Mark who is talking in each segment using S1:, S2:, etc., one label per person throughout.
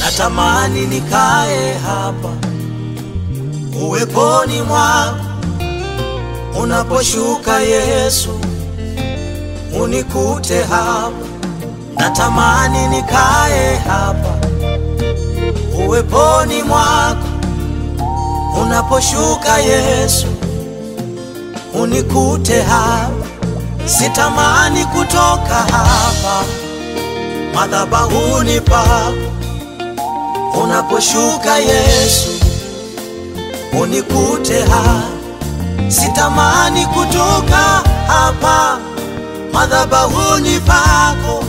S1: natamani nikae hapa uweponi mwako unaposhuka Yesu unikute hapa, natamani nikae hapa uweponi mwako unaposhuka Yesu unikute hapa, sitamani kutoka hapa madhabahuni pako. Unaposhuka Yesu, unikute hapa, sitamani kutoka hapa madhabahuni pako.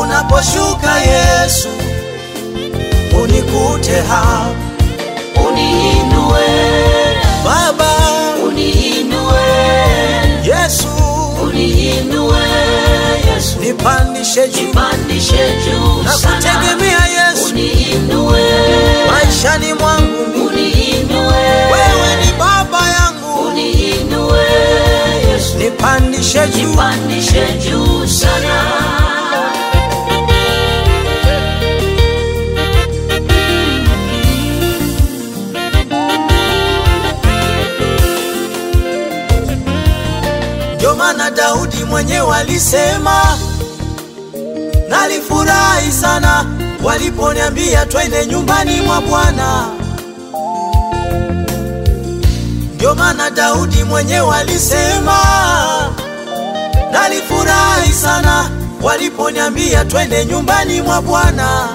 S1: Unaposhuka Yesu, unikute hapa nipandishe juu, na kutegemea Yesu maishani mwangu wewe ni baba yangu, nipandishe juu sana Daudi mwenyewe alisema nalifurahi sana waliponiambia twende nyumbani mwa Bwana. Ndio maana Daudi mwenyewe alisema, nalifurahi sana waliponiambia twende nyumbani mwa Bwana.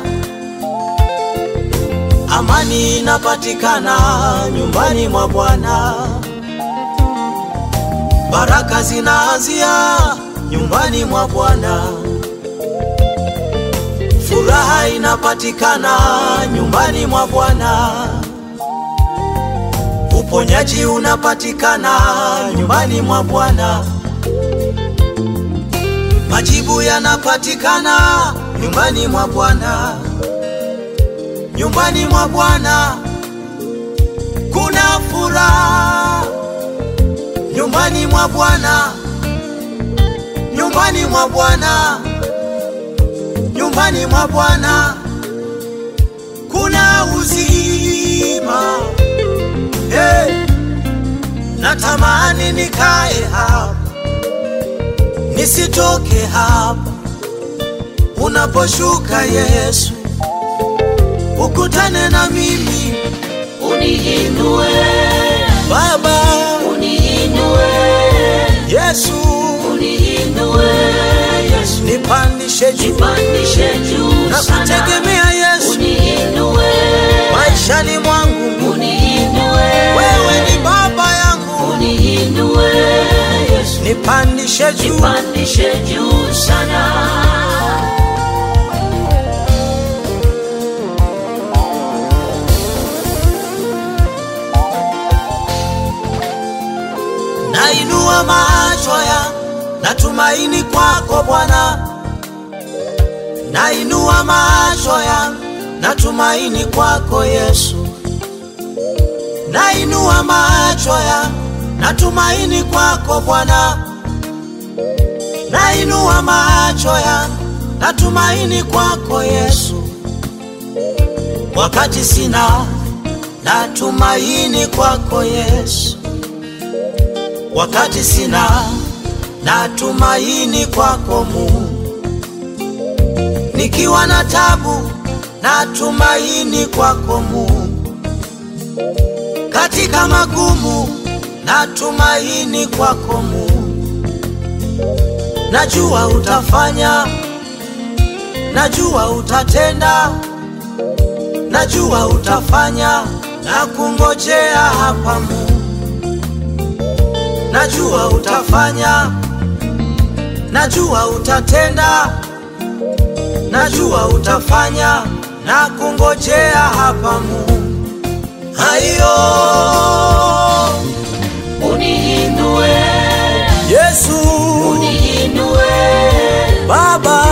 S1: Amani inapatikana nyumbani mwa Bwana, baraka zinaanzia nyumbani mwa Bwana furaha inapatikana nyumbani mwa Bwana, uponyaji unapatikana nyumbani mwa Bwana, majibu yanapatikana nyumbani mwa Bwana, nyumbani mwa Bwana kuna furaha, nyumbani mwa Bwana, nyumbani mwa Bwana nyumbani mwa Bwana kuna uzima hey. Natamani nikae hapa nisitoke hapa, unaposhuka Yesu ukutane na mimi, uniinue Baba, uniinue Yesu, uniinue Nipandishe juu, na kutegemea Yesu maishani mwangu. Uniinue. Wewe ni baba yangu, Uniinue Yesu. Nipandishe juu natumaini kwako Bwana, nainua macho yangu, natumaini kwako Yesu, nainua macho yangu, natumaini kwako Bwana, nainua macho yangu, natumaini kwako Yesu, wakati sina natumaini kwako Yesu, wakati sina na tumaini kwako Mungu, nikiwa na tabu na tumaini kwako Mungu, katika magumu na tumaini kwako Mungu, najua utafanya, najua utatenda, najua utafanya na kungojea hapa Mungu, najua utafanya najua utatenda, najua utafanya, na kungojea hapa Mungu. Haiyo unihindue Yesu, unihindue Baba,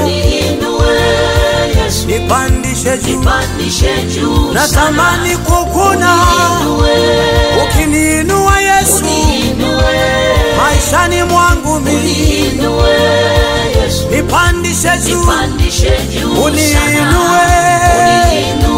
S1: unihindue Yesu, nipandishe juu, nipandishe juu, natamani kukuna jipandishe juu uniinue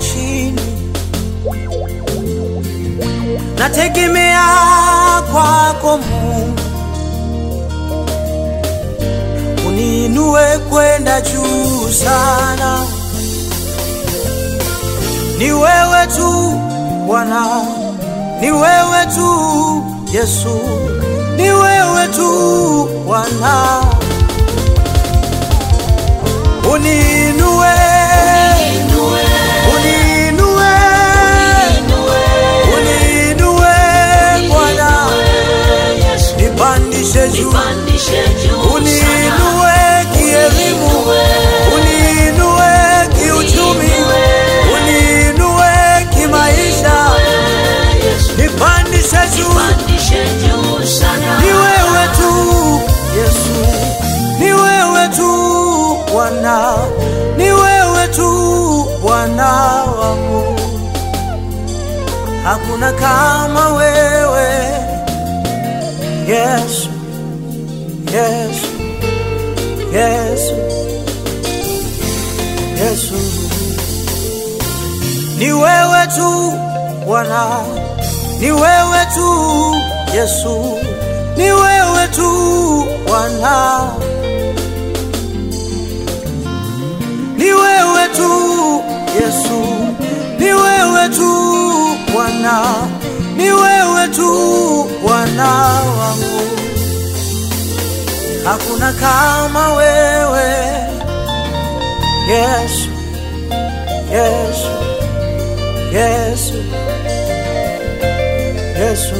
S1: chini, nategemea kwako Mungu, uniinue kwenda juu sana. Ni wewe tu Bwana, ni wewe tu Yesu, ni wewe tu Bwana, uniinue hakuna kama wewe Yesu, Yesu, Yesu, Yesu, ni wewe tu Bwana, ni wewe tu Yesu, ni wewe tu Bwana, ni wewe tu Yesu, ni wewe tu ni wewe tu Bwana wangu, hakuna kama wewe Yesu, Yesu, Yesu, Yesu.